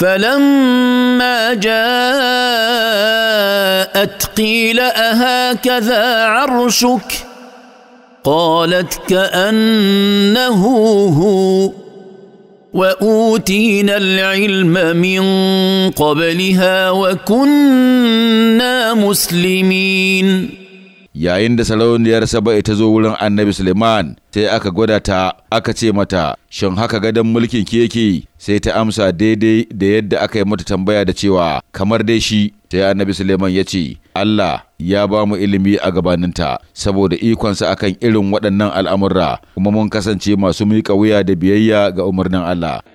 فلما جاءت قيل اهكذا عرشك قالت كانه هو واوتينا العلم من قبلها وكنا مسلمين yayin da sarauniyar Saba'i ta zo wurin Annabi Suleiman sai aka gwada ta aka ce mata shin haka gadon mulkin keke sai ta amsa daidai da yadda aka yi mata tambaya da cewa kamar dai shi sai Annabi Suleiman ya ce Allah ya ba mu ilimi a gabaninta saboda ikonsa akan irin waɗannan al'amurra kuma mun kasance masu miƙa wuya da biyayya ga umarnin Allah